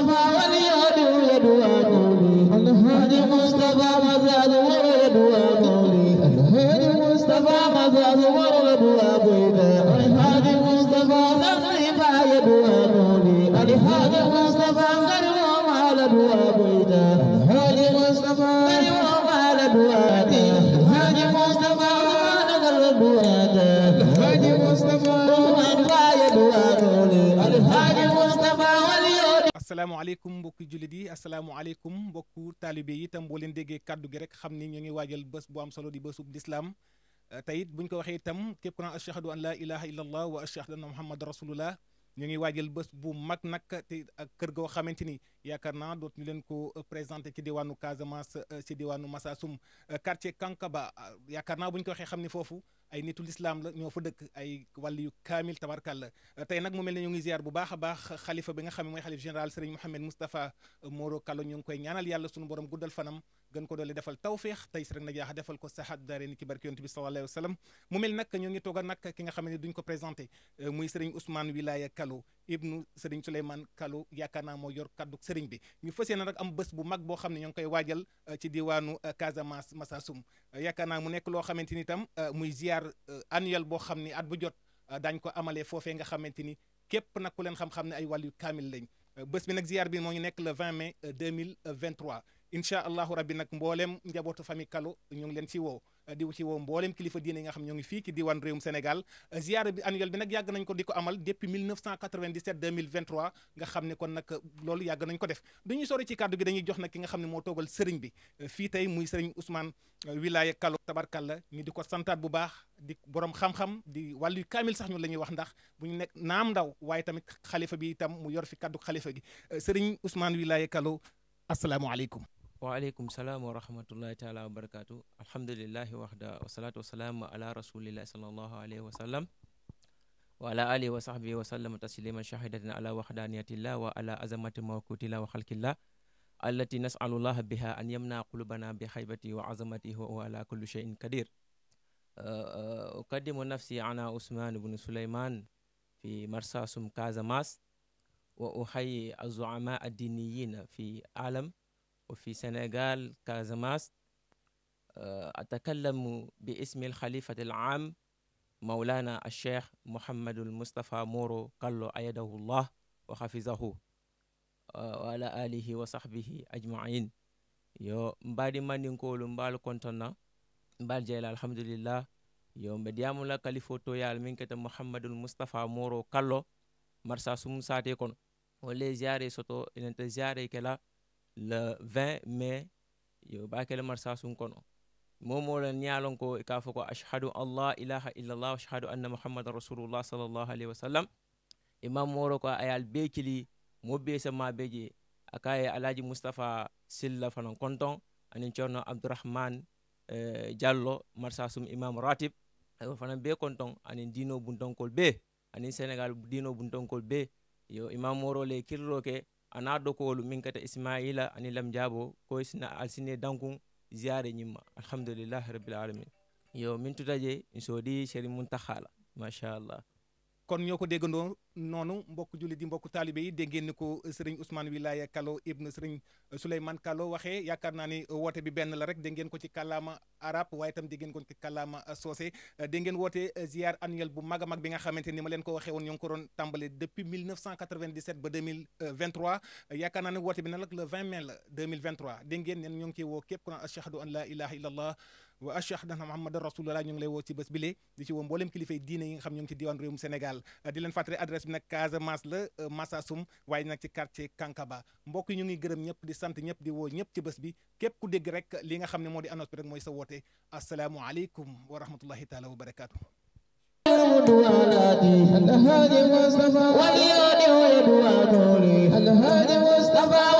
مصطفى واليد يدوى قولي الهادي مصطفى مزاد ويدوى قولي الهادي مصطفى مزاد ويدوى قولي الهادي مصطفى تقريبا يدوى قولي الهادي مصطفى غير ما لدوى قولي الهادي مصطفى asalaamaaleykum mbokki jullit yi asalaamaaleykum mbokku taalibe yi itam boo leen déggee kàddu gi rek xam ni ñoo ngi waajal bés bu am solo di bésub lislaam tey bu ñu ko waxee itam képp ku naan ashhadu an laa ilaha illallah wa ashhadu anna muhammad rasulullah ñu ngi waajal bés bu mag nag te kër goo xamante ni yaakaar naa dootuñu leen ko euh, présenté ci diwaanu Casamance euh, ci diwaanu Massassoum euh, quartier Kankaba yaakaar naa bu ñu ko waxee xam ne foofu ay nitu lislaam la ñoo fa dëkk ay wàll yu kaamil tabarkàlla tey nag mu mel ne ñu ngi bu baax a baax xalifa bi nga xam ne mooy xalif général Serigne Mouhamed Moustapha Moro Kallo ñu ngi koy ñaanal yàlla sunu borom guddal fanam gën ko doole defal tawféex tey sëriñ Najaax ko saxaat daare ni ci barke yonent bi sallallahu ki nga xam ne duñ ko présenté muy Serigne Ousmane Wilaya Kallo Kalou ibnu Serigne Souleymane Kalou yaakaar naa moo yor kaddu Serigne bi ñu fas yéene nag am bës bu mag boo xam ne ñoo ngi koy waajal euh, ci diwaanu euh, Casamance Massassoum euh, yaakaar naa mu nekk loo xamante ni tam muy ziar annuel boo xam ni at bu jot daañu ko amalee foofee nga xamante ni képp nag leen xam-xam ne ay wàllu kaamil lañ bés bi nag ziar bi moo ngi nekk le 20 mai 2023. incha allahu rabbi nag mbooleem njabootu famille Kalo ñu ngi leen ci woo di ci woo mboolem kilifa diine yi nga xam ñoo ngi fii ki diwaan réewum Sénégal ziyaara bi annuel bi nag yàgg nañ ko di ko amal depuis 1997 2023 nga xam ne kon nag loolu yàgg nañ ko def duñuy sori ci kàddu gi dañuy jox nag ki nga xam ne moo toogal sëriñ bi fii tey muy sëriñ Ousmane Wilaya Kalo la ñu di ko santaat bu baax di boroom xam-xam di wàllu kaamil sax ñu la ñuy wax ndax bu ñu nekk naam ndaw waaye tamit xalifa bi itam mu yor fi kàddu xalifa gi sëriñ Ousmane Wilaya Kalo asalaamaaleykum waaleykum salaam wa rahmatullahi taala wa barakaatu alhamdulilahi waxda wasalaatu wasalaamu ala rasulillahi salallahu alayhi wa sallam wa ala alihi wa sahbihi wa sallama tasliman shahidatan ala waxdaaniyatillah wa ala azamati mawkutillah wa xalkillah allati nasalullaha biha an yamna qulubana bi xaybati wa azamatihi wa ala kulli cheyin kadir ukaddimu uh, nafsi ana usman bnu suleyman fi marsasum casamance wa uxayi azoama addiniyin fi alam وفي سنغال كازاماس أتكلم باسم الخليفة العام مولانا الشيخ محمد المصطفى مورو قال أيده الله وحفظه وعلى آله وصحبه أجمعين yo mbaɗi mandinkolu mbalu kontonna mbal jeyla alhamdulillah yo mbe diyamula yaal min kete mouhammadul moustapha moro kallo marsa sum sate kono o le soto enanta jare kela le 20 mai yo ɓakele mar sasun kono momoɗon ñalon ko ka fo ko ashhadu an la ilaha illallah ashhadu anna muhammadan rasulullah sallllahu alayhi wa sallam imam moro ko ayal be kili mo be sama be je akaye alaji moustapha silla fanan konton anin corno abdourahmane eh, diallo marsasum imam ratib ayo fanan be konton anin dino buntonkol be anin sénégal dino buntonkol be yo imam moro le kirloke ana dokowolu min kata ismaila ani lam jaabo ko sina alsine dankun ziyare ñimma alhamdulillahi rabbil alamin yo min tutaje mi soodi seri mun tahala machallah kon ñoo ko déggandoo noonu mbokk jullit di mbokk taalibe yi dégg ngeen ni ko sëriñ Ousmane Wilaya Kallo ibn sëriñ Souleymane Kallo waxee yaakaar naa ni woote bi benn la rek dégg ngeen ko ci kàllaama arab waaye itam dégg ngeen ko ci kàllaama soose dégg ngeen woote ziar annuel bu mag a mag bi nga xamante ni ma leen ko waxee woon ñoo ko doon tàmbale depuis ba 2023 naa ne woote bi nag le 20 mai la 2023 dégg ngeen neen ñoo ngi woo képp ku naan an la wa ashhadu anna muhammadan rasulullah ñu ngi lay woo ci bés bile di ci woo mboolem kilifay diine yi nga xam ñoo ngi ci diwaan réewum Sénégal di leen fàttali adresse bi nag Casamance la euh, Massassoum waaye nag ci quartier Kankaba mbokk yi ñu ngi gërëm ñëpp di sant ñëpp di woo ñëpp ci bés bi képp ku dégg rek li nga xam ne moo di annonce bi rek mooy sa woote asalaamualeykum wa rahmatullahi taala wa barakaatu هل هادي مصطفى وليوني ويبوى دولي هل هادي